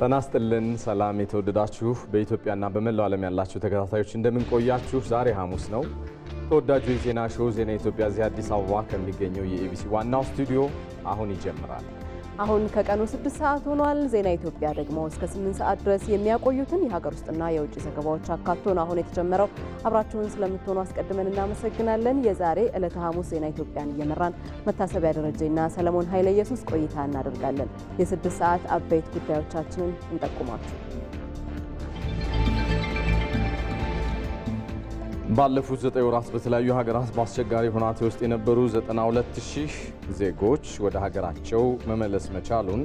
ጤና ይስጥልን ሰላም የተወደዳችሁ በኢትዮጵያና በመላው ዓለም ያላችሁ ተከታታዮች እንደምንቆያችሁ። ዛሬ ሐሙስ ነው። ተወዳጁ የዜና ሾው ዜና ኢትዮጵያ እዚህ አዲስ አበባ ከሚገኘው የኤቢሲ ዋናው ስቱዲዮ አሁን ይጀምራል። አሁን ከቀኑ ስድስት ሰዓት ሆኗል። ዜና ኢትዮጵያ ደግሞ እስከ ስምንት ሰዓት ድረስ የሚያቆዩትን የሀገር ውስጥና የውጭ ዘገባዎች አካቶ ነው አሁን የተጀመረው። አብራችሁን ስለምትሆኑ አስቀድመን እናመሰግናለን። የዛሬ ዕለተ ሐሙስ ዜና ኢትዮጵያን እየመራን መታሰቢያ ደረጀና ሰለሞን ኃይለ ኢየሱስ ቆይታ እናደርጋለን። የስድስት ሰዓት አበይት ጉዳዮቻችንን እንጠቁማችሁ ባለፉት ዘጠኝ ወራት በተለያዩ ሀገራት በአስቸጋሪ ሁናቴ ውስጥ የነበሩ 92 ሺህ ዜጎች ወደ ሀገራቸው መመለስ መቻሉን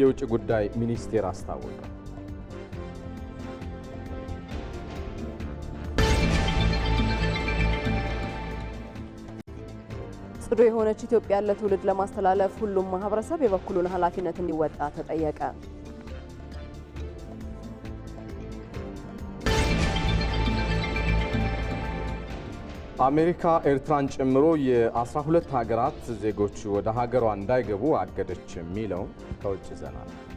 የውጭ ጉዳይ ሚኒስቴር አስታወቀ። ጽዱ የሆነች ኢትዮጵያን ለትውልድ ለማስተላለፍ ሁሉም ማህበረሰብ የበኩሉን ኃላፊነት እንዲወጣ ተጠየቀ። አሜሪካ ኤርትራን ጨምሮ የ12 ሀገራት ዜጎች ወደ ሀገሯ እንዳይገቡ አገደች የሚለው ከውጭ ዘና ነው።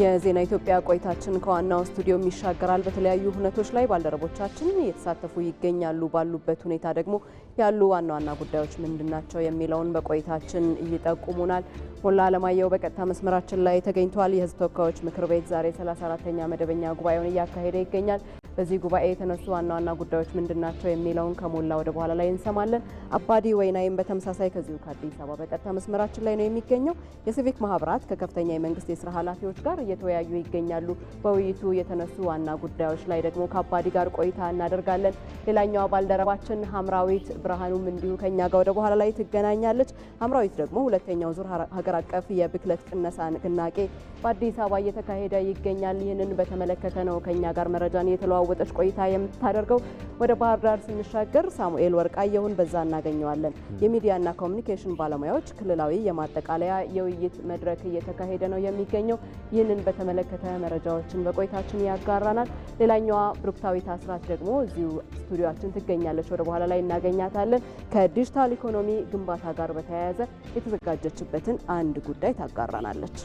የዜና ኢትዮጵያ ቆይታችን ከዋናው ስቱዲዮ ይሻገራል። በተለያዩ ሁነቶች ላይ ባልደረቦቻችን እየተሳተፉ ይገኛሉ። ባሉበት ሁኔታ ደግሞ ያሉ ዋና ዋና ጉዳዮች ምንድናቸው የሚለውን በቆይታችን ይጠቁሙናል። ሞላ አለማየሁ በቀጥታ መስመራችን ላይ ተገኝቷል። የህዝብ ተወካዮች ምክር ቤት ዛሬ 34ተኛ መደበኛ ጉባኤውን እያካሄደ ይገኛል። በዚህ ጉባኤ የተነሱ ዋና ዋና ጉዳዮች ምንድናቸው የሚለውን ከሞላ ወደ በኋላ ላይ እንሰማለን። አባዲ ወይናይም በተመሳሳይ ከዚሁ ከአዲስ አበባ በቀጥታ መስመራችን ላይ ነው የሚገኘው። የሲቪክ ማህበራት ከከፍተኛ የመንግስት የስራ ኃላፊዎች ጋር እየተወያዩ ይገኛሉ። በውይይቱ የተነሱ ዋና ጉዳዮች ላይ ደግሞ ከአባዲ ጋር ቆይታ እናደርጋለን። ሌላኛዋ ባልደረባችን ሀምራዊት ብርሃኑም እንዲሁ ከኛ ጋር ወደ በኋላ ላይ ትገናኛለች። ሀምራዊት ደግሞ ሁለተኛው ዙር ሀገር አቀፍ የብክለት ቅነሳ ንቅናቄ በአዲስ አበባ እየተካሄደ ይገኛል። ይህንን በተመለከተ ነው ከኛ ጋር መረጃን የተለዋ እየተለዋወጠች ቆይታ የምታደርገው። ወደ ባህር ዳር ስንሻገር ሳሙኤል ወርቃየሁን በዛ እናገኘዋለን። የሚዲያና ኮሚኒኬሽን ባለሙያዎች ክልላዊ የማጠቃለያ የውይይት መድረክ እየተካሄደ ነው የሚገኘው። ይህንን በተመለከተ መረጃዎችን በቆይታችን ያጋራናል። ሌላኛዋ ብሩክታዊት አስራት ደግሞ እዚሁ ስቱዲዮችን ትገኛለች። ወደ በኋላ ላይ እናገኛታለን። ከዲጂታል ኢኮኖሚ ግንባታ ጋር በተያያዘ የተዘጋጀችበትን አንድ ጉዳይ ታጋራናለች።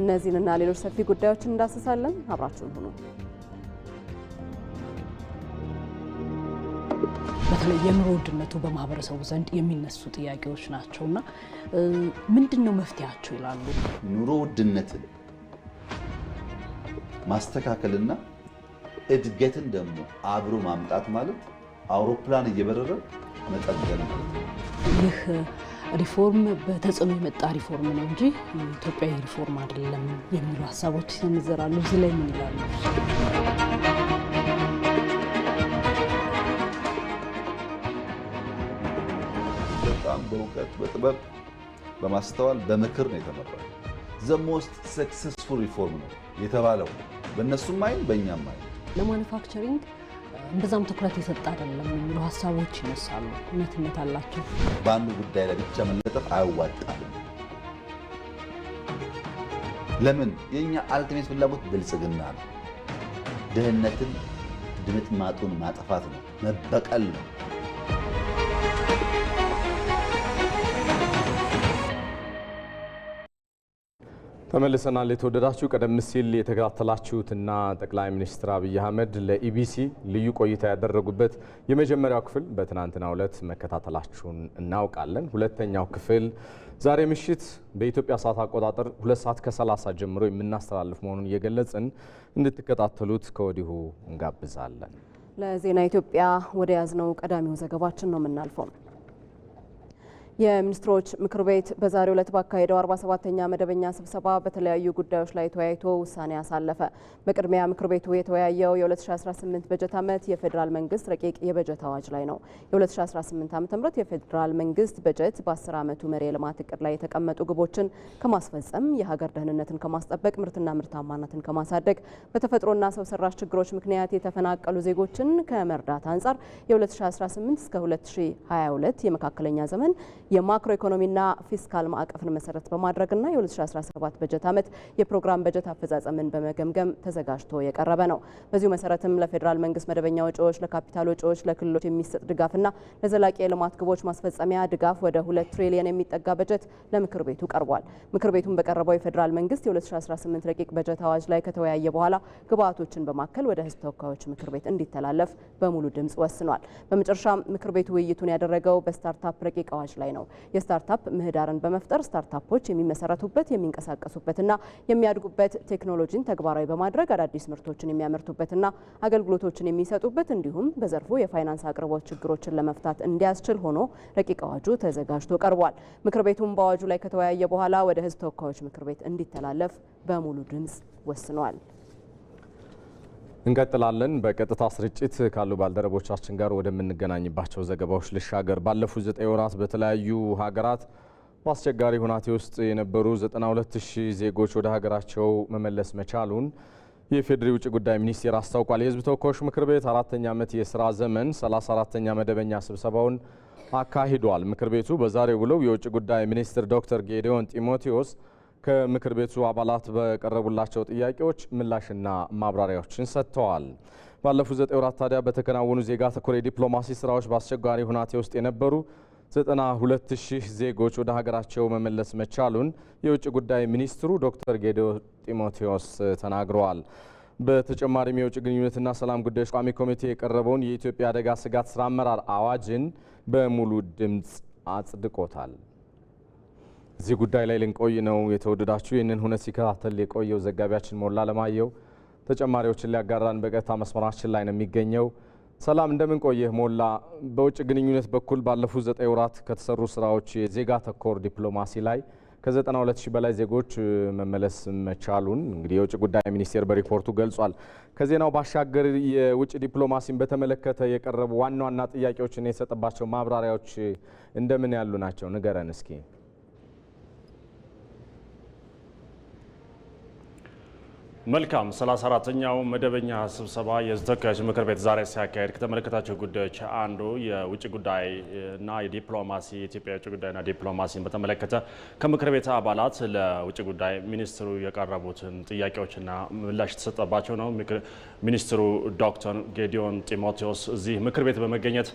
እነዚህንና ሌሎች ሰፊ ጉዳዮችን እንዳስሳለን። አብራችሁን ሁኑ። በተለይ የኑሮ ውድነቱ በማህበረሰቡ ዘንድ የሚነሱ ጥያቄዎች ናቸው እና ምንድን ነው መፍትሄያቸው ይላሉ። ኑሮ ውድነትን ማስተካከልና እድገትን ደግሞ አብሮ ማምጣት ማለት አውሮፕላን እየበረረ መጠገን ማለት ነው። ይህ ሪፎርም በተጽዕኖ የመጣ ሪፎርም ነው እንጂ ኢትዮጵያዊ ሪፎርም አይደለም የሚሉ ሀሳቦች ይሰነዘራሉ። እዚህ ላይ ምን ይላሉ? በእውቀት በጥበብ በማስተዋል በምክር ነው የተመራው። ዘ ሞስት ሰክሰስፉል ሪፎርም ነው የተባለው በእነሱም አይን በእኛም አይን ለማኑፋክቸሪንግ እንደዛም ትኩረት የሰጠ አይደለም የሚሉ ሀሳቦች ይነሳሉ። እውነትነት አላቸው። በአንዱ ጉዳይ ላይ ብቻ መለጠፍ አያዋጣልም። ለምን የእኛ አልቲሜት ፍላጎት ብልጽግና ነው። ድህነትን ድምጥማጡን ማጥፋት ነው፣ መበቀል ነው። ተመልሰናል። የተወደዳችሁ ቀደም ሲል የተከታተላችሁትና ጠቅላይ ሚኒስትር አብይ አህመድ ለኢቢሲ ልዩ ቆይታ ያደረጉበት የመጀመሪያው ክፍል በትናንትናው ዕለት መከታተላችሁን እናውቃለን። ሁለተኛው ክፍል ዛሬ ምሽት በኢትዮጵያ ሰዓት አቆጣጠር ሁለት ሰዓት ከ30 ጀምሮ የምናስተላልፍ መሆኑን እየገለጽን እንድትከታተሉት ከወዲሁ እንጋብዛለን። ለዜና ኢትዮጵያ ወደ ያዝነው ቀዳሚው ዘገባችን ነው የምናልፈው። የሚኒስትሮች ምክር ቤት በዛሬው ዕለት ባካሄደው 47ኛ መደበኛ ስብሰባ በተለያዩ ጉዳዮች ላይ ተወያይቶ ውሳኔ አሳለፈ። በቅድሚያ ምክር ቤቱ የተወያየው የ2018 በጀት ዓመት የፌዴራል መንግስት ረቂቅ የበጀት አዋጅ ላይ ነው። የ2018 ዓ.ም የፌዴራል መንግስት በጀት በ10 ዓመቱ መሪ የልማት እቅድ ላይ የተቀመጡ ግቦችን ከማስፈጸም፣ የሀገር ደህንነትን ከማስጠበቅ፣ ምርትና ምርታማነትን ከማሳደግ፣ በተፈጥሮና ሰው ሰራሽ ችግሮች ምክንያት የተፈናቀሉ ዜጎችን ከመርዳት አንጻር የ2018 እስከ 2022 የመካከለኛ ዘመን የማክሮ ኢኮኖሚና ፊስካል ማዕቀፍን መሰረት በማድረግና የ2017 በጀት ዓመት የፕሮግራም በጀት አፈጻጸምን በመገምገም ተዘጋጅቶ የቀረበ ነው። በዚሁ መሰረትም ለፌዴራል መንግስት መደበኛ ወጪዎች፣ ለካፒታል ወጪዎች፣ ለክልሎች የሚሰጥ ድጋፍና ለዘላቂ የልማት ግቦች ማስፈጸሚያ ድጋፍ ወደ ሁለት ትሪሊየን የሚጠጋ በጀት ለምክር ቤቱ ቀርቧል። ምክር ቤቱን በቀረበው የፌዴራል መንግስት የ2018 ረቂቅ በጀት አዋጅ ላይ ከተወያየ በኋላ ግብአቶችን በማከል ወደ ህዝብ ተወካዮች ምክር ቤት እንዲተላለፍ በሙሉ ድምጽ ወስኗል። በመጨረሻም ምክር ቤቱ ውይይቱን ያደረገው በስታርታፕ ረቂቅ አዋጅ ላይ ነው። ነው። የስታርታፕ ምህዳርን በመፍጠር ስታርታፖች የሚመሰረቱበት የሚንቀሳቀሱበትና የሚያድጉበት ቴክኖሎጂን ተግባራዊ በማድረግ አዳዲስ ምርቶችን የሚያመርቱበትና አገልግሎቶችን የሚሰጡበት እንዲሁም በዘርፉ የፋይናንስ አቅርቦት ችግሮችን ለመፍታት እንዲያስችል ሆኖ ረቂቅ አዋጁ ተዘጋጅቶ ቀርቧል። ምክር ቤቱም በአዋጁ ላይ ከተወያየ በኋላ ወደ ህዝብ ተወካዮች ምክር ቤት እንዲተላለፍ በሙሉ ድምጽ ወስኗል። እንቀጥላለን። በቀጥታ ስርጭት ካሉ ባልደረቦቻችን ጋር ወደምንገናኝባቸው ዘገባዎች ልሻገር። ባለፉት ዘጠኝ ወራት በተለያዩ ሀገራት በአስቸጋሪ ሁናቴ ውስጥ የነበሩ 92000 ዜጎች ወደ ሀገራቸው መመለስ መቻሉን የፌዴሪ ውጭ ጉዳይ ሚኒስቴር አስታውቋል። የህዝብ ተወካዮች ምክር ቤት አራተኛ ዓመት የስራ ዘመን 34ኛ መደበኛ ስብሰባውን አካሂዷል። ምክር ቤቱ በዛሬው ውለው የውጭ ጉዳይ ሚኒስትር ዶክተር ጌዲዮን ጢሞቴዎስ ከምክር ቤቱ አባላት በቀረቡላቸው ጥያቄዎች ምላሽና ማብራሪያዎችን ሰጥተዋል። ባለፉት ዘጠኝ ወራት ታዲያ በተከናወኑ ዜጋ ተኮር የዲፕሎማሲ ስራዎች በአስቸጋሪ ሁናቴ ውስጥ የነበሩ 92 ሺህ ዜጎች ወደ ሀገራቸው መመለስ መቻሉን የውጭ ጉዳይ ሚኒስትሩ ዶክተር ጌዲዮን ጢሞቴዎስ ተናግረዋል። በተጨማሪም የውጭ ግንኙነትና ሰላም ጉዳዮች ቋሚ ኮሚቴ የቀረበውን የኢትዮጵያ አደጋ ስጋት ስራ አመራር አዋጅን በሙሉ ድምፅ አጽድቆታል። እዚህ ጉዳይ ላይ ልንቆይ ነው የተወደዳችሁ። ይህንን ሁነት ሲከታተል የቆየው ዘጋቢያችን ሞላ ለማየው ተጨማሪዎችን ሊያጋራን በቀጥታ መስመራችን ላይ ነው የሚገኘው። ሰላም እንደምንቆየህ ሞላ። በውጭ ግንኙነት በኩል ባለፉት ዘጠኝ ወራት ከተሰሩ ስራዎች የዜጋ ተኮር ዲፕሎማሲ ላይ ከ92 ሺህ በላይ ዜጎች መመለስ መቻሉን እንግዲህ የውጭ ጉዳይ ሚኒስቴር በሪፖርቱ ገልጿል። ከዜናው ባሻገር የውጭ ዲፕሎማሲን በተመለከተ የቀረቡ ዋና ዋና ጥያቄዎችን የተሰጠባቸው ማብራሪያዎች እንደምን ያሉ ናቸው? ንገረን እስኪ። መልካም 34ኛው መደበኛ ስብሰባ የሕዝብ ተወካዮች ምክር ቤት ዛሬ ሲያካሄድ ከተመለከታቸው ጉዳዮች አንዱ የውጭ ጉዳይ እና የዲፕሎማሲ የኢትዮጵያ የውጭ ጉዳይና ዲፕሎማሲን በተመለከተ ከምክር ቤት አባላት ለውጭ ጉዳይ ሚኒስትሩ የቀረቡትን ጥያቄዎችና ምላሽ የተሰጠባቸው ነው። ሚኒስትሩ ዶክተር ጌዲዮን ጢሞቴዎስ እዚህ ምክር ቤት በመገኘት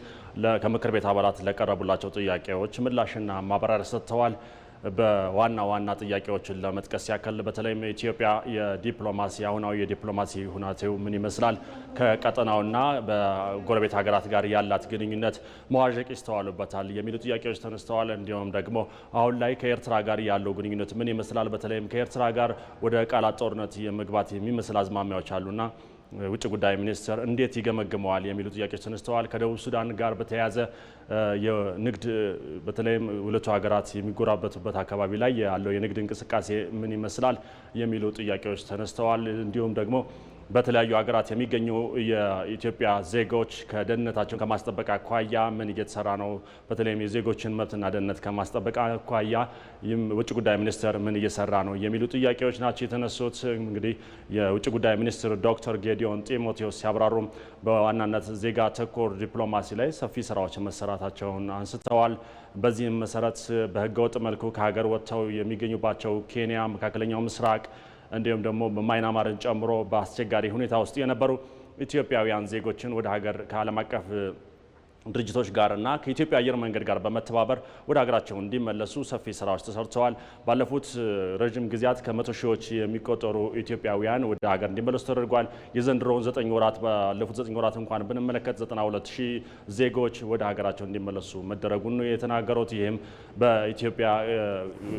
ከምክር ቤት አባላት ለቀረቡላቸው ጥያቄዎች ምላሽና ማብራሪያ ሰጥተዋል። በዋና ዋና ጥያቄዎችን ለመጥቀስ ያከል በተለይም ኢትዮጵያ የዲፕሎማሲ አሁናዊ የዲፕሎማሲ ሁናቴው ምን ይመስላል፣ ከቀጠናውና በጎረቤት ሀገራት ጋር ያላት ግንኙነት መዋዠቅ ይስተዋሉበታል የሚሉ ጥያቄዎች ተነስተዋል። እንዲሁም ደግሞ አሁን ላይ ከኤርትራ ጋር ያለው ግንኙነት ምን ይመስላል፣ በተለይም ከኤርትራ ጋር ወደ ቃላት ጦርነት የመግባት የሚመስል አዝማሚያዎች አሉና ውጭ ጉዳይ ሚኒስትር እንዴት ይገመግመዋል የሚሉ ጥያቄዎች ተነስተዋል። ከደቡብ ሱዳን ጋር በተያያዘ የንግድ በተለይም ሁለቱ ሀገራት የሚጎራበቱበት አካባቢ ላይ ያለው የንግድ እንቅስቃሴ ምን ይመስላል የሚሉ ጥያቄዎች ተነስተዋል። እንዲሁም ደግሞ በተለያዩ ሀገራት የሚገኙ የኢትዮጵያ ዜጎች ከደህንነታቸውን ከማስጠበቅ አኳያ ምን እየተሰራ ነው? በተለይም የዜጎችን መብትና ደህንነት ከማስጠበቅ አኳያ ውጭ ጉዳይ ሚኒስቴር ምን እየሰራ ነው የሚሉ ጥያቄዎች ናቸው የተነሱት። እንግዲህ የውጭ ጉዳይ ሚኒስትር ዶክተር ጌዲዮን ጢሞቴዎስ ሲያብራሩም በዋናነት ዜጋ ተኮር ዲፕሎማሲ ላይ ሰፊ ስራዎች መሰራታቸውን አንስተዋል። በዚህም መሰረት በህገወጥ መልኩ ከሀገር ወጥተው የሚገኙባቸው ኬንያ፣ መካከለኛው ምስራቅ እንዲሁም ደግሞ ማይናማርን ጨምሮ በአስቸጋሪ ሁኔታ ውስጥ የነበሩ ኢትዮጵያውያን ዜጎችን ወደ ሀገር ከዓለም አቀፍ ድርጅቶች ጋርና ከኢትዮጵያ አየር መንገድ ጋር በመተባበር ወደ ሀገራቸው እንዲመለሱ ሰፊ ስራዎች ተሰርተዋል። ባለፉት ረዥም ጊዜያት ከመቶ ሺዎች የሚቆጠሩ ኢትዮጵያውያን ወደ ሀገር እንዲመለሱ ተደርጓል። የዘንድሮውን ዘጠኝ ወራት ባለፉት ዘጠኝ ወራት እንኳን ብንመለከት 92 ሺህ ዜጎች ወደ ሀገራቸው እንዲመለሱ መደረጉን ነው የተናገሩት። ይህም በኢትዮጵያ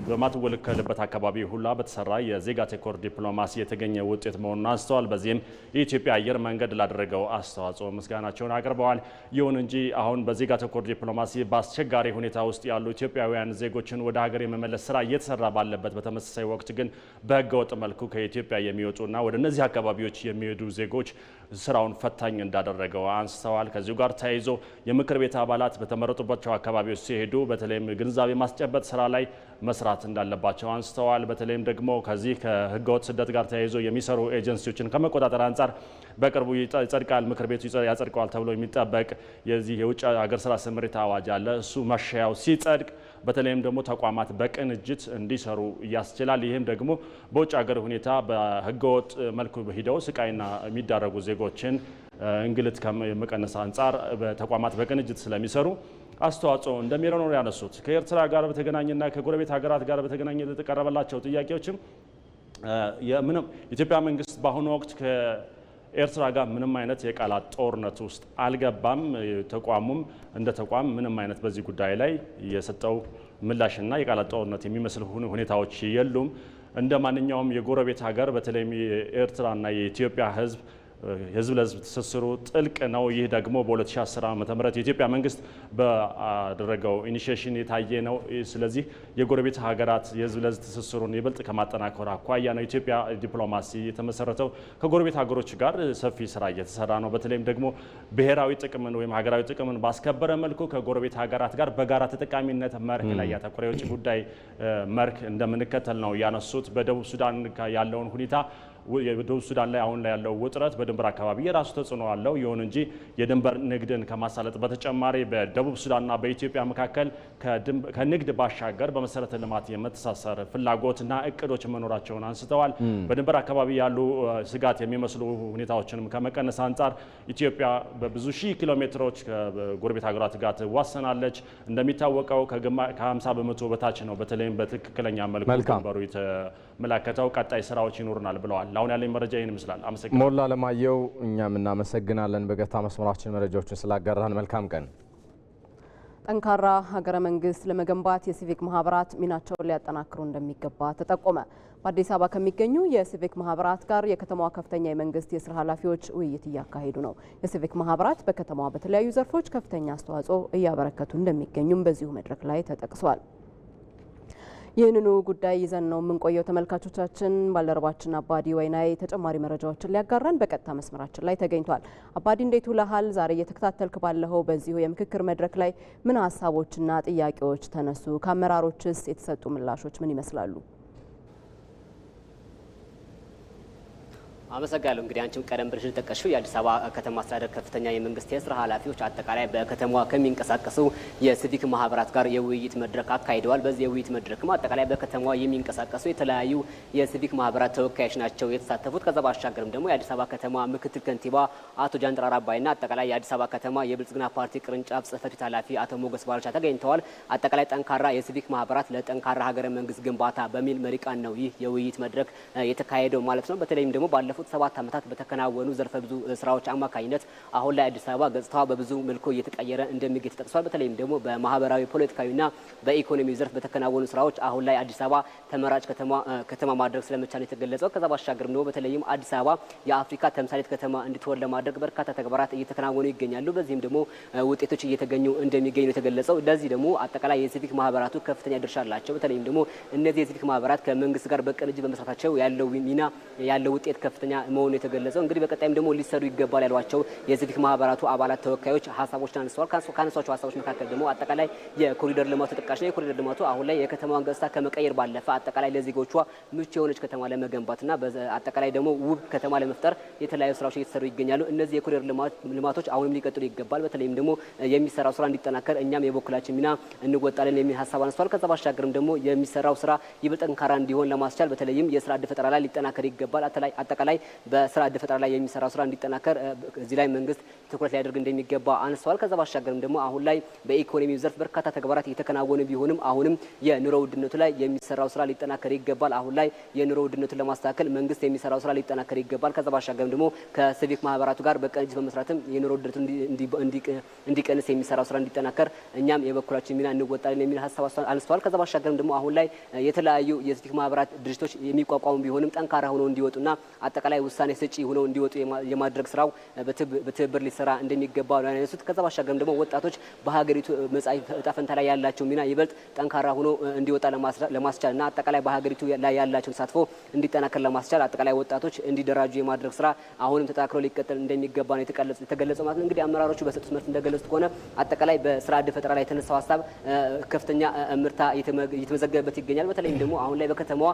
በማትወከልበት አካባቢ ሁላ በተሰራ የዜጋ ተኮር ዲፕሎማሲ የተገኘ ውጤት መሆኑን አንስተዋል። በዚህም የኢትዮጵያ አየር መንገድ ላደረገው አስተዋጽኦ ምስጋናቸውን አቅርበዋል። ይሁን እንጂ አሁን በዜጋ ተኮር ዲፕሎማሲ በአስቸጋሪ ሁኔታ ውስጥ ያሉ ኢትዮጵያውያን ዜጎችን ወደ ሀገር የመመለስ ስራ እየተሰራ ባለበት በተመሳሳይ ወቅት ግን በህገወጥ መልኩ ከኢትዮጵያ የሚወጡና ወደ እነዚህ አካባቢዎች የሚሄዱ ዜጎች ስራውን ፈታኝ እንዳደረገው አንስተዋል። ከዚሁ ጋር ተያይዞ የምክር ቤት አባላት በተመረጡባቸው አካባቢዎች ሲሄዱ በተለይም ግንዛቤ ማስጨበጥ ስራ ላይ መስራት እንዳለባቸው አንስተዋል። በተለይም ደግሞ ከዚህ ከህገወጥ ስደት ጋር ተያይዞ የሚሰሩ ኤጀንሲዎችን ከመቆጣጠር አንጻር በቅርቡ ይጸድቃል፣ ምክር ቤቱ ያጸድቀዋል ተብሎ የሚጠበቅ የዚህ የውጭ ሀገር ስራ ስምሪት አዋጅ አለ። እሱ መሻያው ሲጸድቅ በተለይም ደግሞ ተቋማት በቅንጅት እንዲሰሩ ያስችላል። ይህም ደግሞ በውጭ ሀገር ሁኔታ በህገወጥ መልኩ ሂደው ስቃይና የሚዳረጉ ዜጎችን እንግልት ከመቀነስ አንጻር ተቋማት በቅንጅት ስለሚሰሩ አስተዋጽኦ እንደሚረኖ ነው ያነሱት። ከኤርትራ ጋር በተገናኘና ከጎረቤት ሀገራት ጋር በተገናኘ ለተቀረበላቸው ጥያቄዎችም ኢትዮጵያ መንግስት በአሁኑ ወቅት ኤርትራ ጋር ምንም አይነት የቃላት ጦርነት ውስጥ አልገባም። ተቋሙም እንደ ተቋም ምንም አይነት በዚህ ጉዳይ ላይ የሰጠው ምላሽና የቃላት ጦርነት የሚመስል ሁኔታዎች የሉም። እንደ ማንኛውም የጎረቤት ሀገር በተለይም የኤርትራና የኢትዮጵያ ሕዝብ የህዝብ ለህዝብ ትስስሩ ጥልቅ ነው። ይህ ደግሞ በ2010 ዓ ም የኢትዮጵያ መንግስት ባደረገው ኢኒሽሽን የታየ ነው። ስለዚህ የጎረቤት ሀገራት የህዝብ ለህዝብ ትስስሩን ይበልጥ ከማጠናከር አኳያ ነው የኢትዮጵያ ዲፕሎማሲ የተመሰረተው። ከጎረቤት ሀገሮች ጋር ሰፊ ስራ እየተሰራ ነው። በተለይም ደግሞ ብሔራዊ ጥቅምን ወይም ሀገራዊ ጥቅምን ባስከበረ መልኩ ከጎረቤት ሀገራት ጋር በጋራ ተጠቃሚነት መርህ ላይ ያተኮረ የውጭ ጉዳይ መርህ እንደምንከተል ነው ያነሱት። በደቡብ ሱዳን ያለውን ሁኔታ የደቡብ ሱዳን ላይ አሁን ላይ ያለው ውጥረት በድንበር አካባቢ የራሱ ተጽዕኖ አለው። ይሁን እንጂ የድንበር ንግድን ከማሳለጥ በተጨማሪ በደቡብ ሱዳንና በኢትዮጵያ መካከል ከንግድ ባሻገር በመሰረተ ልማት የመተሳሰር ፍላጎትና እቅዶች መኖራቸውን አንስተዋል። በድንበር አካባቢ ያሉ ስጋት የሚመስሉ ሁኔታዎችንም ከመቀነስ አንጻር ኢትዮጵያ በብዙ ሺህ ኪሎ ሜትሮች ከጎረቤት ሀገራት ጋር ትዋሰናለች። እንደሚታወቀው ከ50 በመቶ በታች ነው። በተለይም በትክክለኛ መልኩ ድንበሩ መላከተው ቀጣይ ስራዎች ይኖርናል ብለዋል። አሁን ያለኝ መረጃ ይህን ይመስላል። አመሰግናለሁ ሞላ ለማየው። እኛም እናመሰግናለን። በገታ መስመራችን መረጃዎችን ስላጋራን። መልካም ቀን። ጠንካራ ሀገረ መንግስት ለመገንባት የሲቪክ ማህበራት ሚናቸውን ሊያጠናክሩ እንደሚገባ ተጠቆመ። በአዲስ አበባ ከሚገኙ የሲቪክ ማህበራት ጋር የከተማዋ ከፍተኛ የመንግስት የስራ ኃላፊዎች ውይይት እያካሄዱ ነው። የሲቪክ ማህበራት በከተማዋ በተለያዩ ዘርፎች ከፍተኛ አስተዋጽኦ እያበረከቱ እንደሚገኙም በዚሁ መድረክ ላይ ተጠቅሷል። ይህንኑ ጉዳይ ይዘን ነው የምንቆየው። ተመልካቾቻችን ባልደረባችን አባዲ ወይናይ ተጨማሪ መረጃዎችን ሊያጋራን በቀጥታ መስመራችን ላይ ተገኝቷል። አባዲ እንዴት ውለሃል? ዛሬ እየተከታተልክ ባለኸው በዚሁ የምክክር መድረክ ላይ ምን ሀሳቦችና ጥያቄዎች ተነሱ? ከአመራሮችስ የተሰጡ ምላሾች ምን ይመስላሉ? አመሰግናለሁ። እንግዲህ አንቺም ቀደም ብለሽ እንደጠቀሽው የአዲስ አበባ ከተማ አስተዳደር ከፍተኛ የመንግስት የስራ ኃላፊዎች አጠቃላይ በከተማዋ ከሚንቀሳቀሱ የሲቪክ ማህበራት ጋር የውይይት መድረክ አካሂደዋል። በዚህ የውይይት መድረክም አጠቃላይ በከተማዋ የሚንቀሳቀሱ የተለያዩ የሲቪክ ማህበራት ተወካዮች ናቸው የተሳተፉት። ከዛ ባሻገርም ደግሞ የአዲስ አበባ ከተማ ምክትል ከንቲባ አቶ ጃንጥራር አባይና አጠቃላይ የአዲስ አበባ ከተማ የብልጽግና ፓርቲ ቅርንጫፍ ጽህፈት ቤት ኃላፊ አቶ ሞገስ ባልቻ ተገኝተዋል። አጠቃላይ ጠንካራ የሲቪክ ማህበራት ለጠንካራ ሀገረ መንግስት ግንባታ በሚል መሪ ቃል ነው ይህ የውይይት መድረክ የተካሄደው ማለት ነው። በተለይም ደግሞ ባለፈው ባለፉት ሰባት ዓመታት በተከናወኑ ዘርፈ ብዙ ስራዎች አማካኝነት አሁን ላይ አዲስ አበባ ገጽታዋ በብዙ መልኩ እየተቀየረ እንደሚገኝ ተጠቅሷል። በተለይም ደግሞ በማህበራዊ ፖለቲካዊና በኢኮኖሚ ዘርፍ በተከናወኑ ስራዎች አሁን ላይ አዲስ አበባ ተመራጭ ከተማ ማድረግ ስለመቻል የተገለጸው። ከዛ ባሻገርም ደግሞ በተለይም አዲስ አበባ የአፍሪካ ተምሳሌት ከተማ እንድትሆን ለማድረግ በርካታ ተግባራት እየተከናወኑ ይገኛሉ። በዚህም ደግሞ ውጤቶች እየተገኙ እንደሚገኙ የተገለጸው። ለዚህ ደግሞ አጠቃላይ የሲቪክ ማህበራቱ ከፍተኛ ድርሻ አላቸው። በተለይም ደግሞ እነዚህ የሲቪክ ማህበራት ከመንግስት ጋር በቅንጅት በመስራታቸው ያለው ሚና ያለው ውጤት ከፍተኛ ከፍተኛ መሆኑ የተገለጸው። እንግዲህ በቀጣይም ደግሞ ሊሰሩ ይገባል ያሏቸው የሲቪክ ማህበራቱ አባላት ተወካዮች ሀሳቦችን አንስተዋል። ካነሷቸው ሀሳቦች መካከል ደግሞ አጠቃላይ የኮሪደር ልማቱ ተጠቃሽ ነው። የኮሪደር ልማቱ አሁን ላይ የከተማዋን ገጽታ ከመቀየር ባለፈ አጠቃላይ ለዜጎቿ ምቹ የሆነች ከተማ ለመገንባትና አጠቃላይ ደግሞ ውብ ከተማ ለመፍጠር የተለያዩ ስራዎች እየተሰሩ ይገኛሉ። እነዚህ የኮሪደር ልማቶች አሁንም ሊቀጥሉ ይገባል። በተለይም ደግሞ የሚሰራው ስራ እንዲጠናከር እኛም የበኩላችን ሚና እንወጣለን የሚል ሀሳብ አንስተዋል። ከዛ ባሻገርም ደግሞ የሚሰራው ስራ ይበልጥ ጠንካራ እንዲሆን ለማስቻል በተለይም የስራ ዕድል ፈጠራ ላይ ሊጠናከር ይገባል። አጠቃላይ ላይ በስራ እድል ፈጠራ ላይ የሚሰራ ስራ እንዲጠናከር እዚህ ላይ መንግስት ትኩረት ሊያደርግ እንደሚገባ አነስተዋል። ከዛ ባሻገርም ደግሞ አሁን ላይ በኢኮኖሚው ዘርፍ በርካታ ተግባራት እየተከናወኑ ቢሆንም አሁንም የኑሮ ውድነቱ ላይ የሚሰራው ስራ ሊጠናከር ይገባል። አሁን ላይ የኑሮ ውድነቱን ለማስተካከል መንግስት የሚሰራው ስራ ሊጠናከር ይገባል። ከዛ ባሻገርም ደግሞ ከሲቪክ ማህበራቱ ጋር በቀንጅት በመስራትም የኑሮ ውድነቱ እንዲቀንስ የሚሰራው ስራ እንዲጠናከር እኛም የበኩላችን ሚና እንወጣለን የሚል ሀሳብ አነስተዋል። ከዛ ባሻገርም ደግሞ አሁን ላይ የተለያዩ የሲቪክ ማህበራት ድርጅቶች የሚቋቋሙ ቢሆንም ጠንካራ ሆነው እንዲወጡና አጠቃላይ አጠቃላይ ውሳኔ ሰጪ ሆነው እንዲወጡ የማድረግ ስራው በትብብር ሊሰራ እንደሚገባ ነው ያነሱት። ከዛ ባሻገርም ደግሞ ወጣቶች በሀገሪቱ መጻኢ ዕጣ ፈንታ ላይ ያላቸው ሚና ይበልጥ ጠንካራ ሆኖ እንዲወጣ ለማስቻል እና አጠቃላይ በሀገሪቱ ላይ ያላቸው ተሳትፎ እንዲጠናከር ለማስቻል አጠቃላይ ወጣቶች እንዲደራጁ የማድረግ ስራ አሁንም ተጠናክሮ ሊቀጥል እንደሚገባ ነው የተገለጸው ማለት እንግዲህ አመራሮቹ በሰጡት መልስ እንደገለጹት ከሆነ አጠቃላይ በስራ ዕድል ፈጠራ ላይ የተነሳው ሀሳብ ከፍተኛ እምርታ እየተመዘገበበት ይገኛል። በተለይም ደግሞ አሁን ላይ በከተማዋ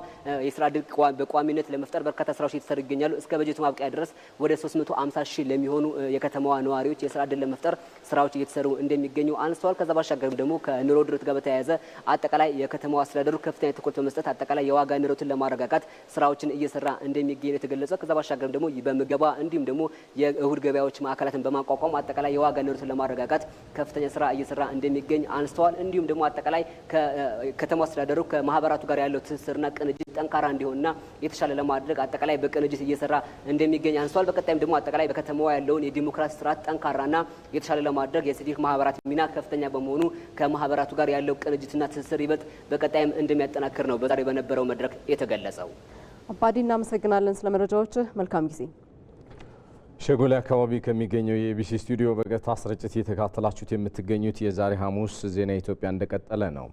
የስራ ዕድል በቋሚነት ለመፍጠር በርካታ ስራዎች እየተሰሩ ይገኛል። ይገኛሉ። እስከ በጀቱ ማብቂያ ድረስ ወደ 350 ሺህ ለሚሆኑ የከተማዋ ነዋሪዎች የስራ እድል ለመፍጠር ስራዎች እየተሰሩ እንደሚገኙ አንስተዋል። ከዛ ባሻገርም ደግሞ ከኑሮ ውድነት ጋር በተያያዘ አጠቃላይ የከተማዋ አስተዳደሩ ከፍተኛ ትኩረት በመስጠት አጠቃላይ የዋጋ ንረቱን ለማረጋጋት ስራዎችን እየሰራ እንደሚገኝ የተገለጸ። ከዛ ባሻገርም ደግሞ በምገባ እንዲሁም ደግሞ የእሁድ ገበያዎች ማዕከላትን በማቋቋም አጠቃላይ የዋጋ ንረቱን ለማረጋጋት ከፍተኛ ስራ እየሰራ እንደሚገኝ አንስተዋል። እንዲሁም ደግሞ አጠቃላይ ከተማ አስተዳደሩ ከማህበራቱ ጋር ያለው ትስስርና ቅንጅት ጠንካራ እንዲሆንና የተሻለ ለማድረግ አጠቃላይ በቅንጅት እየሰራ እንደሚገኝ አንስቷል። በቀጣይም ደግሞ አጠቃላይ በከተማዋ ያለውን የዲሞክራሲ ስርዓት ጠንካራና የተሻለ ለማድረግ የሲቪክ ማህበራት ሚና ከፍተኛ በመሆኑ ከማህበራቱ ጋር ያለው ቅንጅትና ትስስር ይበልጥ በቀጣይም እንደሚያጠናክር ነው በዛሬ በነበረው መድረክ የተገለጸው። አባዲ እናመሰግናለን ስለ መረጃዎች። መልካም ጊዜ። ሸጎሌ አካባቢ ከሚገኘው የኤቢሲ ስቱዲዮ በቀጥታ ስርጭት እየተከታተላችሁት የምትገኙት የዛሬ ሐሙስ ዜና ኢትዮጵያ እንደቀጠለ ነው።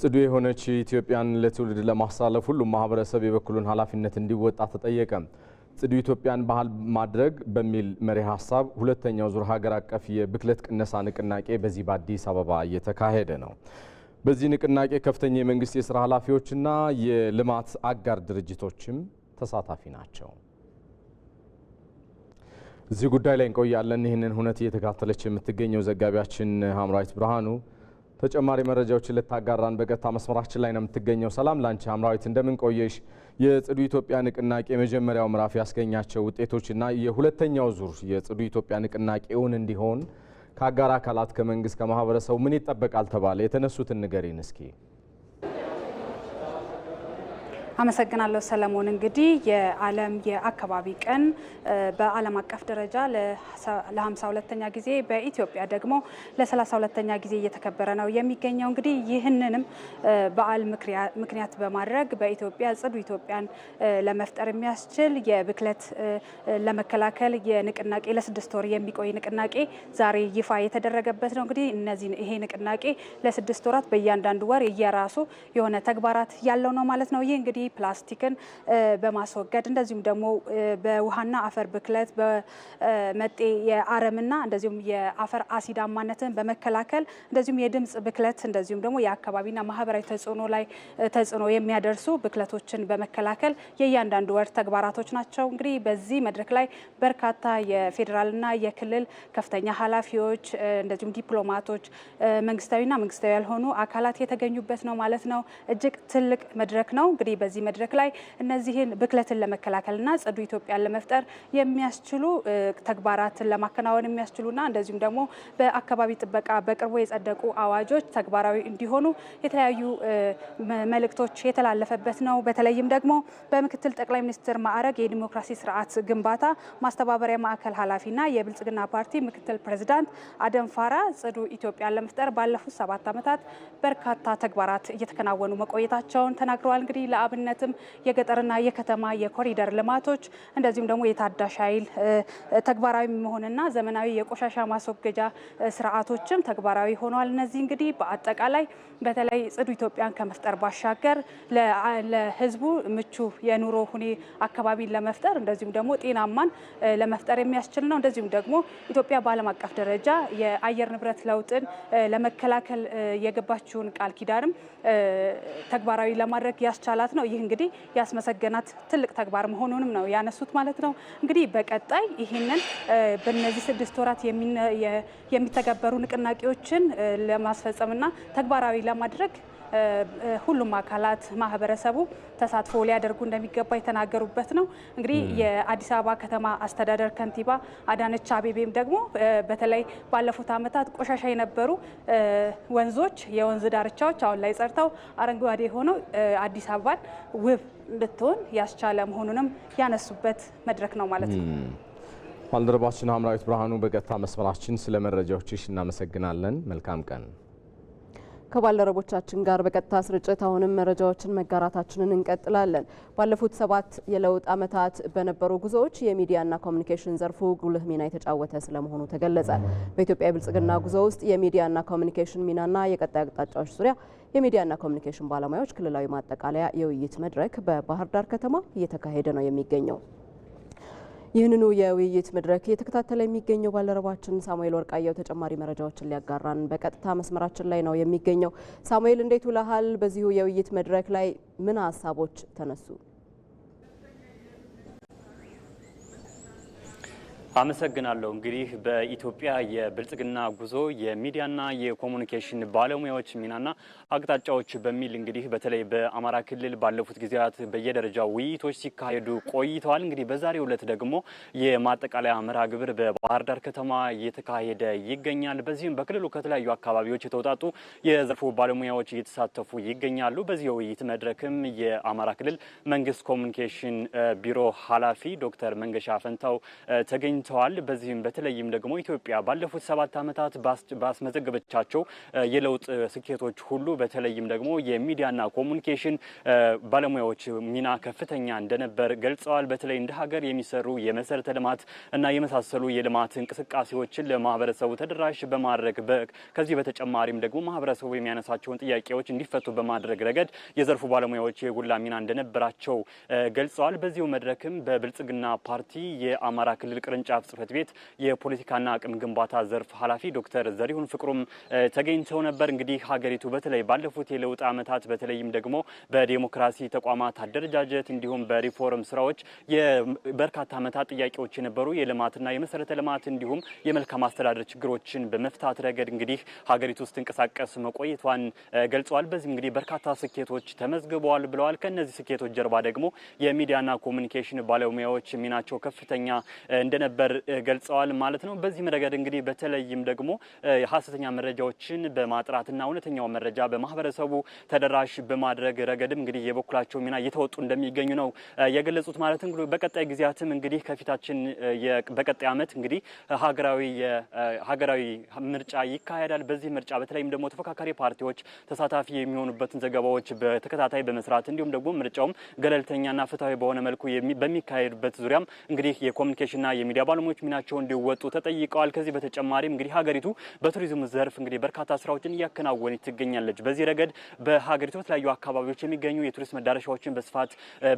ጽዱ የሆነች ኢትዮጵያን ለትውልድ ለማሳለፍ ሁሉም ማህበረሰብ የበኩሉን ኃላፊነት እንዲወጣ ተጠየቀ። ጽዱ ኢትዮጵያን ባህል ማድረግ በሚል መሪ ሀሳብ ሁለተኛው ዙር ሀገር አቀፍ የብክለት ቅነሳ ንቅናቄ በዚህ በአዲስ አበባ እየተካሄደ ነው። በዚህ ንቅናቄ ከፍተኛ የመንግስት የስራ ኃላፊዎችና የልማት አጋር ድርጅቶችም ተሳታፊ ናቸው። እዚህ ጉዳይ ላይ እንቆያለን። ይህንን ሁነት እየተካተለች የምትገኘው ዘጋቢያችን ሀምራዊት ብርሃኑ ተጨማሪ መረጃዎችን ልታጋራን በቀጥታ መስመራችን ላይ ነው የምትገኘው። ሰላም ላንቺ አምራዊት፣ እንደምን ቆየሽ? የጽዱ ኢትዮጵያ ንቅናቄ የመጀመሪያው ምዕራፍ ያስገኛቸው ውጤቶችና የሁለተኛው ዙር የጽዱ ኢትዮጵያ ንቅናቄውን እንዲሆን ከአጋር አካላት ከመንግስት፣ ከማህበረሰቡ ምን ይጠበቃል ተባለ? የተነሱትን ንገሪን እስኪ። አመሰግናለሁ ሰለሞን። እንግዲህ የዓለም የአካባቢ ቀን በዓለም አቀፍ ደረጃ ለ52ኛ ጊዜ በኢትዮጵያ ደግሞ ለ32ኛ ጊዜ እየተከበረ ነው የሚገኘው። እንግዲህ ይህንንም በዓል ምክንያት በማድረግ በኢትዮጵያ ጽዱ ኢትዮጵያን ለመፍጠር የሚያስችል የብክለት ለመከላከል የንቅናቄ ለስድስት ወር የሚቆይ ንቅናቄ ዛሬ ይፋ የተደረገበት ነው። እንግዲህ እነዚህ ይሄ ንቅናቄ ለስድስት ወራት በእያንዳንዱ ወር እየራሱ የሆነ ተግባራት ያለው ነው ማለት ነው። ይህ እንግዲህ ፕላስቲክን በማስወገድ እንደዚሁም ደግሞ በውሃና አፈር ብክለት በመጤ የአረምና እንደዚሁም የአፈር አሲዳማነትን በመከላከል እንደዚሁም የድምፅ ብክለት እንደዚሁም ደግሞ የአካባቢና ማህበራዊ ተጽዕኖ ላይ ተጽዕኖ የሚያደርሱ ብክለቶችን በመከላከል የእያንዳንዱ ወር ተግባራቶች ናቸው። እንግዲህ በዚህ መድረክ ላይ በርካታ የፌዴራልና የክልል ከፍተኛ ኃላፊዎች እንደዚሁም ዲፕሎማቶች፣ መንግስታዊና መንግስታዊ ያልሆኑ አካላት የተገኙበት ነው ማለት ነው። እጅግ ትልቅ መድረክ ነው እንግዲህ በዚህ መድረክ ላይ እነዚህን ብክለትን ለመከላከልና ጽዱ ኢትዮጵያን ለመፍጠር የሚያስችሉ ተግባራትን ለማከናወን የሚያስችሉና እንደዚሁም ደግሞ በአካባቢ ጥበቃ በቅርቡ የጸደቁ አዋጆች ተግባራዊ እንዲሆኑ የተለያዩ መልእክቶች የተላለፈበት ነው። በተለይም ደግሞ በምክትል ጠቅላይ ሚኒስትር ማዕረግ የዲሞክራሲ ስርዓት ግንባታ ማስተባበሪያ ማዕከል ኃላፊና የብልጽግና ፓርቲ ምክትል ፕሬዚዳንት አደም ፋራ ጽዱ ኢትዮጵያን ለመፍጠር ባለፉት ሰባት ዓመታት በርካታ ተግባራት እየተከናወኑ መቆየታቸውን ተናግረዋል። እንግዲህ ለአብነት በዋናነትም የገጠርና የከተማ የኮሪደር ልማቶች እንደዚሁም ደግሞ የታዳሽ ኃይል ተግባራዊ መሆንና ዘመናዊ የቆሻሻ ማስወገጃ ስርዓቶችም ተግባራዊ ሆነዋል። እነዚህ እንግዲህ በአጠቃላይ በተለይ ጽዱ ኢትዮጵያን ከመፍጠር ባሻገር ለህዝቡ ምቹ የኑሮ ሁኔ አካባቢን ለመፍጠር እንደዚሁም ደግሞ ጤናማን ለመፍጠር የሚያስችል ነው። እንደዚሁም ደግሞ ኢትዮጵያ በዓለም አቀፍ ደረጃ የአየር ንብረት ለውጥን ለመከላከል የገባችውን ቃል ኪዳንም ተግባራዊ ለማድረግ ያስቻላት ነው። ይህ እንግዲህ ያስመሰገናት ትልቅ ተግባር መሆኑንም ነው ያነሱት ማለት ነው። እንግዲህ በቀጣይ ይህንን በእነዚህ ስድስት ወራት የሚተገበሩ ንቅናቄዎችን ለማስፈጸምና ተግባራዊ ለማድረግ ሁሉም አካላት ማህበረሰቡ ተሳትፎ ሊያደርጉ እንደሚገባ የተናገሩበት ነው። እንግዲህ የአዲስ አበባ ከተማ አስተዳደር ከንቲባ አዳነች አቤቤም ደግሞ በተለይ ባለፉት ዓመታት ቆሻሻ የነበሩ ወንዞች፣ የወንዝ ዳርቻዎች አሁን ላይ ጸድተው አረንጓዴ ሆነው አዲስ አበባን ውብ ልትሆን ያስቻለ መሆኑንም ያነሱበት መድረክ ነው ማለት ነው። ባልደረባችን ሀምራዊት ብርሃኑ በቀጥታ መስመራችን ስለ መረጃዎችሽ እናመሰግናለን። መልካም ቀን ከባልደረቦቻችን ጋር በቀጥታ ስርጭት አሁንም መረጃዎችን መጋራታችንን እንቀጥላለን። ባለፉት ሰባት የለውጥ ዓመታት በነበሩ ጉዞዎች የሚዲያና ኮሚኒኬሽን ዘርፉ ጉልህ ሚና የተጫወተ ስለመሆኑ ተገለጸ። በኢትዮጵያ የብልጽግና ጉዞ ውስጥ የሚዲያና ኮሚኒኬሽን ሚናና የቀጣይ አቅጣጫዎች ዙሪያ የሚዲያና ኮሚኒኬሽን ባለሙያዎች ክልላዊ ማጠቃለያ የውይይት መድረክ በባህር ዳር ከተማ እየተካሄደ ነው የሚገኘው። ይህንኑ የውይይት መድረክ እየተከታተለ የሚገኘው ባልደረባችን ሳሙኤል ወርቃየው ተጨማሪ መረጃዎችን ሊያጋራን በቀጥታ መስመራችን ላይ ነው የሚገኘው። ሳሙኤል እንዴት ውለሃል? በዚሁ የውይይት መድረክ ላይ ምን ሀሳቦች ተነሱ? አመሰግናለሁ። እንግዲህ በኢትዮጵያ የብልጽግና ጉዞ የሚዲያና የኮሙኒኬሽን ባለሙያዎች ሚናና አቅጣጫዎች በሚል እንግዲህ በተለይ በአማራ ክልል ባለፉት ጊዜያት በየደረጃው ውይይቶች ሲካሄዱ ቆይተዋል። እንግዲህ በዛሬው ዕለት ደግሞ የማጠቃለያ መርሃ ግብር በባህር ዳር ከተማ እየተካሄደ ይገኛል። በዚህም በክልሉ ከተለያዩ አካባቢዎች የተውጣጡ የዘርፉ ባለሙያዎች እየተሳተፉ ይገኛሉ። በዚህ የውይይት መድረክም የአማራ ክልል መንግስት ኮሚኒኬሽን ቢሮ ኃላፊ ዶክተር መንገሻ ፈንታው ተገኝ አግኝተዋል። በዚህም በተለይም ደግሞ ኢትዮጵያ ባለፉት ሰባት ዓመታት ባስመዘገበቻቸው የለውጥ ስኬቶች ሁሉ በተለይም ደግሞ የሚዲያና ኮሙኒኬሽን ባለሙያዎች ሚና ከፍተኛ እንደነበር ገልጸዋል። በተለይ እንደ ሀገር የሚሰሩ የመሰረተ ልማት እና የመሳሰሉ የልማት እንቅስቃሴዎችን ለማህበረሰቡ ተደራሽ በማድረግ ከዚህ በተጨማሪም ደግሞ ማህበረሰቡ የሚያነሳቸውን ጥያቄዎች እንዲፈቱ በማድረግ ረገድ የዘርፉ ባለሙያዎች የጎላ ሚና እንደነበራቸው ገልጸዋል። በዚሁ መድረክም በብልጽግና ፓርቲ የአማራ ክልል ቅርንጫፍ ቅርንጫፍ ጽህፈት ቤት የፖለቲካና አቅም ግንባታ ዘርፍ ኃላፊ ዶክተር ዘሪሁን ፍቅሩም ተገኝተው ነበር። እንግዲህ ሀገሪቱ በተለይ ባለፉት የለውጥ ዓመታት በተለይም ደግሞ በዴሞክራሲ ተቋማት አደረጃጀት እንዲሁም በሪፎርም ስራዎች የበርካታ ዓመታት ጥያቄዎች የነበሩ የልማትና የመሰረተ ልማት እንዲሁም የመልካም አስተዳደር ችግሮችን በመፍታት ረገድ እንግዲህ ሀገሪቱ ስትንቀሳቀስ መቆየቷን ገልጸዋል። በዚህም እንግዲህ በርካታ ስኬቶች ተመዝግበዋል ብለዋል። ከእነዚህ ስኬቶች ጀርባ ደግሞ የሚዲያና ኮሚኒኬሽን ባለሙያዎች ሚናቸው ከፍተኛ እንደነበ እንደነበር ገልጸዋል ማለት ነው። በዚህም ረገድ እንግዲህ በተለይም ደግሞ ሀሰተኛ መረጃዎችን በማጥራትና እውነተኛው መረጃ በማህበረሰቡ ተደራሽ በማድረግ ረገድም እንግዲህ የበኩላቸው ሚና እየተወጡ እንደሚገኙ ነው የገለጹት ማለት ነው። በቀጣይ ጊዜያትም እንግዲህ ከፊታችን በቀጣይ ዓመት እንግዲህ ሀገራዊ ሀገራዊ ምርጫ ይካሄዳል። በዚህ ምርጫ በተለይም ደግሞ ተፎካካሪ ፓርቲዎች ተሳታፊ የሚሆኑበትን ዘገባዎች በተከታታይ በመስራት እንዲሁም ደግሞ ምርጫውም ገለልተኛና ፍትሐዊ በሆነ መልኩ በሚካሄድበት ዙሪያም እንግዲህ የኮሚኒኬሽንና የሚዲያ ባለሙያዎች ሚናቸው እንዲወጡ ተጠይቀዋል። ከዚህ በተጨማሪም እንግዲህ ሀገሪቱ በቱሪዝም ዘርፍ እንግዲህ በርካታ ስራዎችን እያከናወነች ትገኛለች። በዚህ ረገድ በሀገሪቱ በተለያዩ አካባቢዎች የሚገኙ የቱሪስት መዳረሻዎችን በስፋት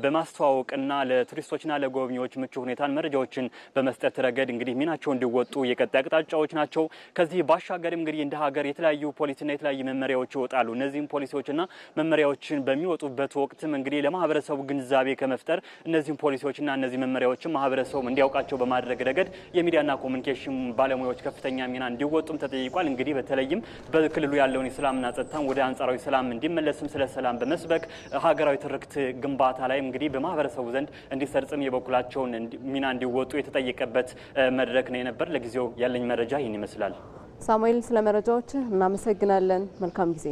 በማስተዋወቅና ለቱሪስቶችና ለጎብኚዎች ምቹ ሁኔታን መረጃዎችን በመስጠት ረገድ እንግዲህ ሚናቸው እንዲወጡ የቀጣይ አቅጣጫዎች ናቸው። ከዚህ ባሻገርም እንግዲህ እንደ ሀገር የተለያዩ ፖሊሲና የተለያዩ መመሪያዎች ይወጣሉ። እነዚህም ፖሊሲዎችና መመሪያዎችን በሚወጡበት ወቅትም እንግዲህ ለማህበረሰቡ ግንዛቤ ከመፍጠር እነዚህም ፖሊሲዎችና እነዚህ መመሪያዎችን ማህበረሰቡ እንዲያውቃቸው በማድረግ በማድረግ ረገድ የሚዲያና ኮሚኒኬሽን ባለሙያዎች ከፍተኛ ሚና እንዲወጡም ተጠይቋል። እንግዲህ በተለይም በክልሉ ያለውን የሰላምና ጸጥታን ወደ አንጻራዊ ሰላም እንዲመለስም ስለ ሰላም በመስበክ ሀገራዊ ትርክት ግንባታ ላይ እንግዲህ በማህበረሰቡ ዘንድ እንዲሰርጽም የበኩላቸውን ሚና እንዲወጡ የተጠየቀበት መድረክ ነው የነበር። ለጊዜው ያለኝ መረጃ ይህን ይመስላል። ሳሙኤል፣ ስለ መረጃዎች እናመሰግናለን። መልካም ጊዜ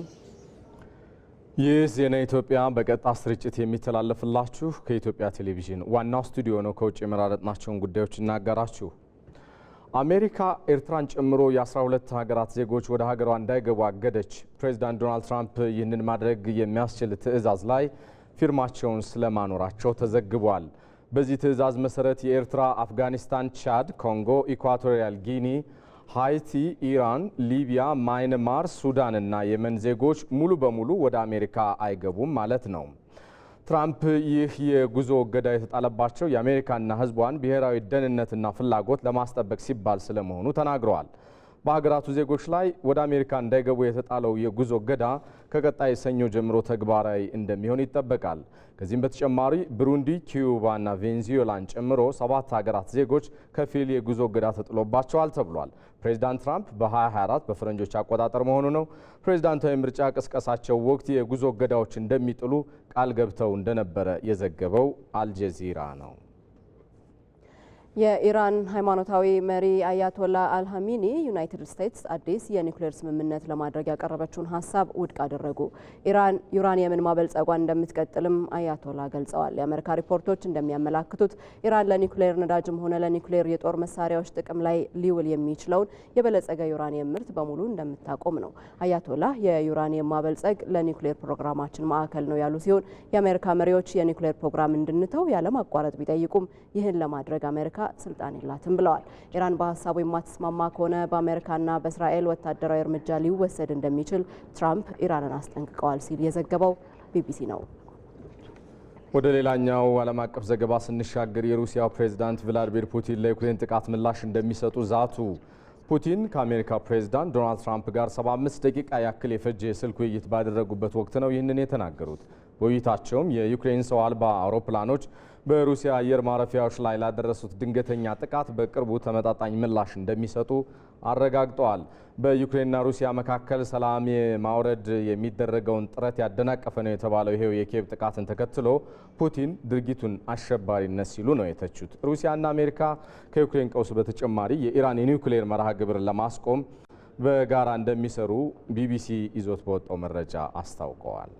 ይህ ዜና ኢትዮጵያ በቀጥታ ስርጭት የሚተላለፍላችሁ ከኢትዮጵያ ቴሌቪዥን ዋናው ስቱዲዮ ነው። ከውጭ የመራረጥናቸውን ጉዳዮች እናገራችሁ። አሜሪካ ኤርትራን ጨምሮ የ12 ሀገራት ዜጎች ወደ ሀገሯ እንዳይገቡ አገደች። ፕሬዚዳንት ዶናልድ ትራምፕ ይህንን ማድረግ የሚያስችል ትዕዛዝ ላይ ፊርማቸውን ስለማኖራቸው ተዘግቧል። በዚህ ትዕዛዝ መሰረት የኤርትራ፣ አፍጋኒስታን፣ ቻድ፣ ኮንጎ፣ ኢኳቶሪያል ጊኒ ሃይቲ፣ ኢራን፣ ሊቢያ፣ ማይንማር፣ ሱዳን እና የመን ዜጎች ሙሉ በሙሉ ወደ አሜሪካ አይገቡም ማለት ነው። ትራምፕ ይህ የጉዞ እገዳ የተጣለባቸው የአሜሪካና ሕዝቧን ብሔራዊ ደህንነትና ፍላጎት ለማስጠበቅ ሲባል ስለመሆኑ ተናግረዋል። በሀገራቱ ዜጎች ላይ ወደ አሜሪካ እንዳይገቡ የተጣለው የጉዞ እገዳ ከቀጣይ ሰኞ ጀምሮ ተግባራዊ እንደሚሆን ይጠበቃል። ከዚህም በተጨማሪ ብሩንዲ፣ እና ቬንዙዌላን ጨምሮ ሰባት ሀገራት ዜጎች ከፊል የጉዞ እገዳ ተጥሎባቸዋል ተብሏል። ፕሬዚዳንት ትራምፕ በ2024 በፈረንጆች አቆጣጠር መሆኑ ነው ፕሬዚዳንታዊ ምርጫ ቅስቀሳቸው ወቅት የጉዞ እገዳዎች እንደሚጥሉ ቃል ገብተው እንደነበረ የዘገበው አልጀዚራ ነው። የኢራን ሃይማኖታዊ መሪ አያቶላ አልሀሚኒ ዩናይትድ ስቴትስ አዲስ የኒውክሌር ስምምነት ለማድረግ ያቀረበችውን ሀሳብ ውድቅ አደረጉ። ኢራን ዩራኒየምን ማበልጸጓን እንደምትቀጥልም አያቶላ ገልጸዋል። የአሜሪካ ሪፖርቶች እንደሚያመላክቱት ኢራን ለኒውክሌር ነዳጅም ሆነ ለኒውክሌር የጦር መሳሪያዎች ጥቅም ላይ ሊውል የሚችለውን የበለጸገ ዩራኒየም ምርት በሙሉ እንደምታቆም ነው። አያቶላ የዩራኒየም ማበልጸግ ለኒውክሌር ፕሮግራማችን ማዕከል ነው ያሉ ሲሆን የአሜሪካ መሪዎች የኒውክሌር ፕሮግራም እንድንተው ያለማቋረጥ ቢጠይቁም ይህን ለማድረግ አሜሪካ ስልጣን የላትም ብለዋል። ኢራን በሀሳቡ የማትስማማ ከሆነ በአሜሪካና በእስራኤል ወታደራዊ እርምጃ ሊወሰድ እንደሚችል ትራምፕ ኢራንን አስጠንቅቀዋል ሲል የዘገበው ቢቢሲ ነው። ወደ ሌላኛው ዓለም አቀፍ ዘገባ ስንሻገር የሩሲያ ፕሬዝዳንት ቭላዲሚር ፑቲን ለዩክሬን ጥቃት ምላሽ እንደሚሰጡ ዛቱ። ፑቲን ከአሜሪካ ፕሬዝዳንት ዶናልድ ትራምፕ ጋር 75 ደቂቃ ያክል የፈጀ የስልክ ውይይት ባደረጉበት ወቅት ነው ይህንን የተናገሩት። በውይይታቸውም የዩክሬን ሰው አልባ አውሮፕላኖች በሩሲያ አየር ማረፊያዎች ላይ ላደረሱት ድንገተኛ ጥቃት በቅርቡ ተመጣጣኝ ምላሽ እንደሚሰጡ አረጋግጠዋል። በዩክሬንና ሩሲያ መካከል ሰላም ማውረድ የሚደረገውን ጥረት ያደናቀፈ ነው የተባለው ይሄው የኬብ ጥቃትን ተከትሎ ፑቲን ድርጊቱን አሸባሪነት ሲሉ ነው የተቹት። ሩሲያና አሜሪካ ከዩክሬን ቀውስ በተጨማሪ የኢራን የኒውክሌር መርሃ ግብርን ለማስቆም በጋራ እንደሚሰሩ ቢቢሲ ይዞት በወጣው መረጃ አስታውቀዋል።